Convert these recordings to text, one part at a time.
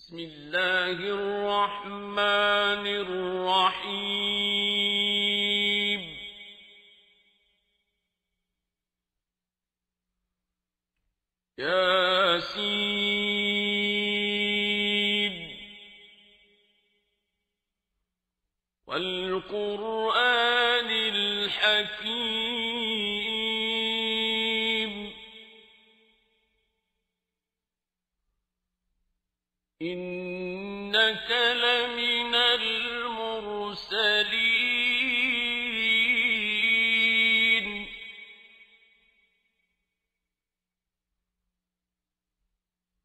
بسم الله الرحمن الرحيم ياسين والقرآن الحكيم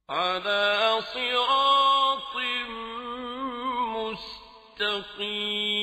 على صراط مستقيم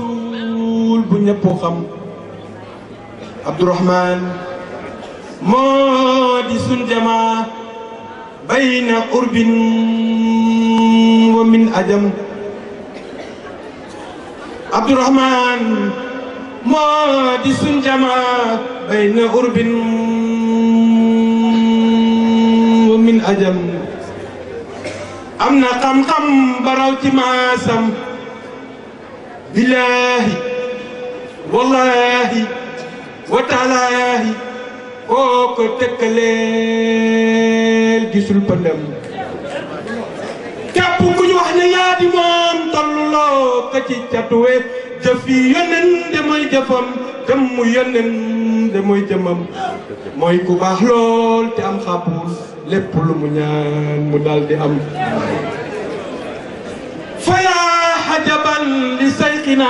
rasuul bu ñëpp xam abdourahman moo di sun jamaa bayna urbin wa min ajam abdourahman moo sun jamaa bayna urbin wa min ajam xam-xam baraw ci billaahi wallaahi wataalaahi koo ko gisul pëndam képp ku ñu wax ne yaa di moom tolluloo ci catuwe jëf yi yonen mooy jëfam jëmmu yonen de mooy jëmam mooy ku baax lool te am xàppul lépp lu mu ñaan mu daldi am xajaban li sayxina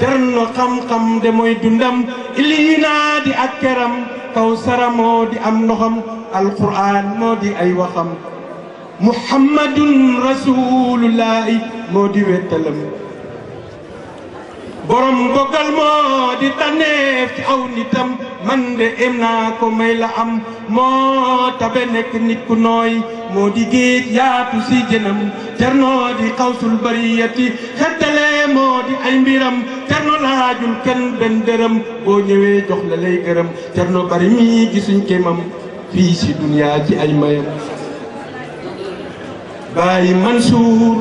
cerno xam de mooy dundam ilina di ak keram kaw sara moo di am ndoxam alquran moo di ay waxam muhammadun rasulullahi moo di wettalam borom dogal moo di tànneef ci aw nitam man de em naa ko may la am moo tabe nekk nit nooy moo di géej yaatu si jënam ternoo di xawsul bariyati xettale moo di ay mbiram terno laajul kenn benn dërëm boo ñëwee jox la lay gërëm terno bari mi gisuñ kémam fii si duniyaa ci ay mayam bàyyi Mansuur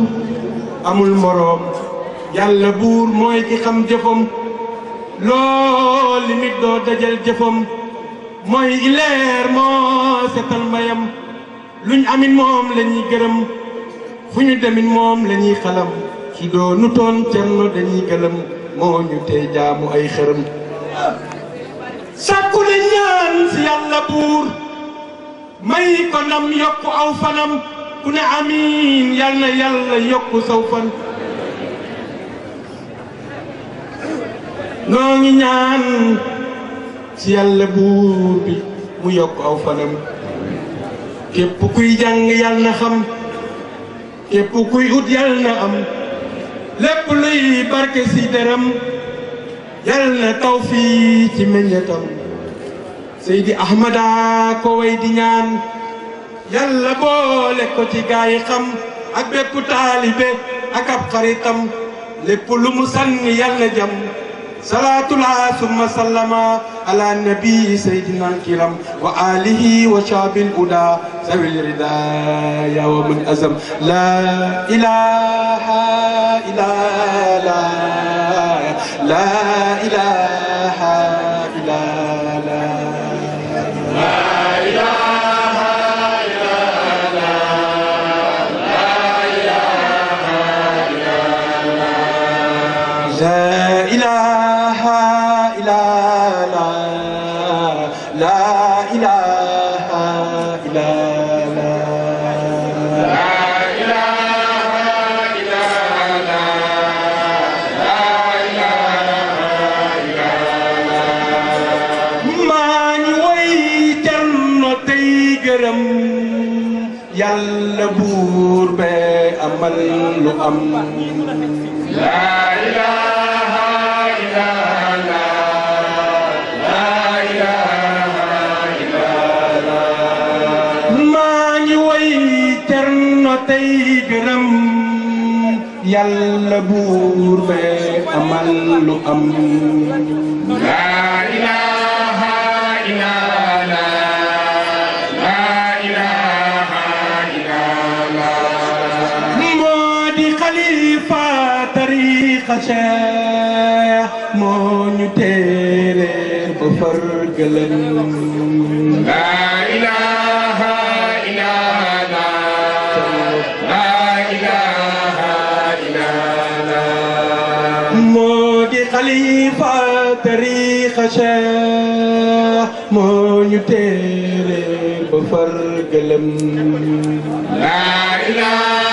amul moroom يالا بور موي كي خم جفوم لول نيت دو دجال جفوم موي ليير مو ستال مايام لون امين موم لا ني گرم فونو دمين موم لا ني خلام كي دو نوتون تن دا ني گلم مو ني تي جامو اي خرم ساكو لي نيان سي يالا بور ماي كو نام يوكو او فنام كنا امين يالنا يالا يوكو سوفن noo ngi ñaan ci yàlla buur bi mu yokk aw fanam képp kuy jàng yàlla xam képp kuy ut yàlla na am lépp luy barke ci deram yàlla na taw fii ci meññetam Seydi Ahmada ko way di ñaan yàlla boole ko ci gaa yi xam ak bépp taalibe ak ab xaritam lépp lu mu sànni yàlla jam صلاة الله ثم سلم على النبي سيدنا الكرام وآله وشعب الهدى الرضا يا ومن أزم لا إله إلا لا لا إله إلا لا لا إله na buur be amal lu am laa ilaaha illallah yàlla buur be amal lu am Cheikh moo ñu téeréer ba fargalam laa ilaaha illallah laa ilaaha illallah moo di xalifa tariixa Cheikh moo ñu téeréer ba fargalam laa ilaaha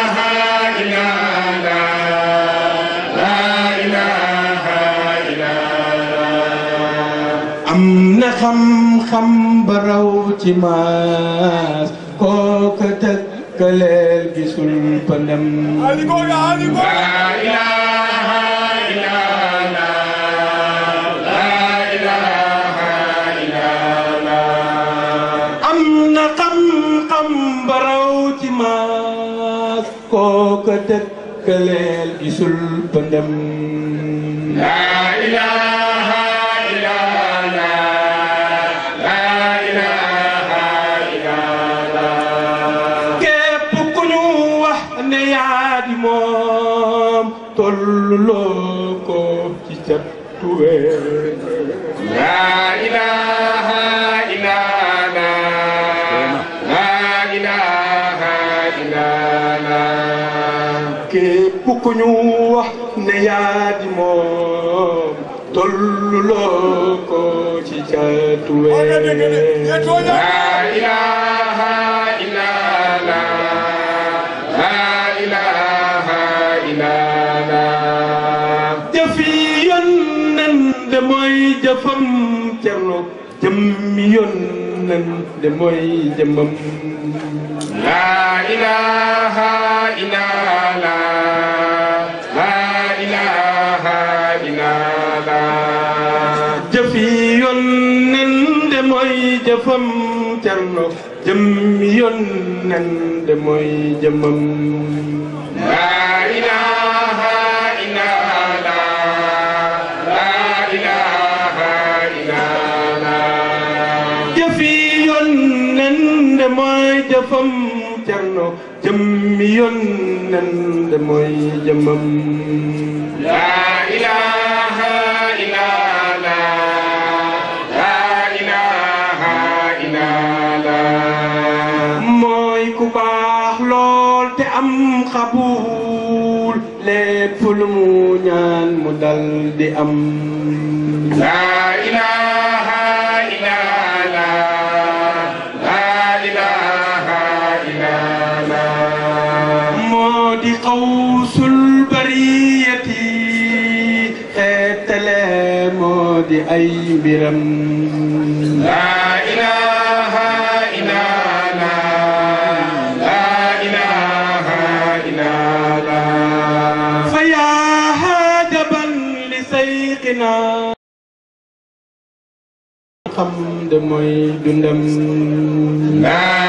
xam-xam ba raw ci maas kooka tëkkaleel gisul pëndam laa ilaaha illallaah laa ilaaha illallaah am na xam-xam ba raw ci maas kooka tëkkaleel gisul pëndam laa ilaaha tolloo ko ci cat tuwee laa ilaaha illallah laa ilaaha illallah képp ku ñu wax ne yaa di moom tolloo ko ci cat tuwee laa ilaaha jëfam cerno laa ilaaha illallaah laa ilaaha illallaah jëfi yónneen mooy jëfam mooy jëmmam laa ilaaha illallah mooy ku baax lool te am xabuul lépp lu mu ñaan mu dal am ay mbiram laa ilaaha illallah laa ilaaha illallah fa yaa haajaban li sayqina xam de mooy dundam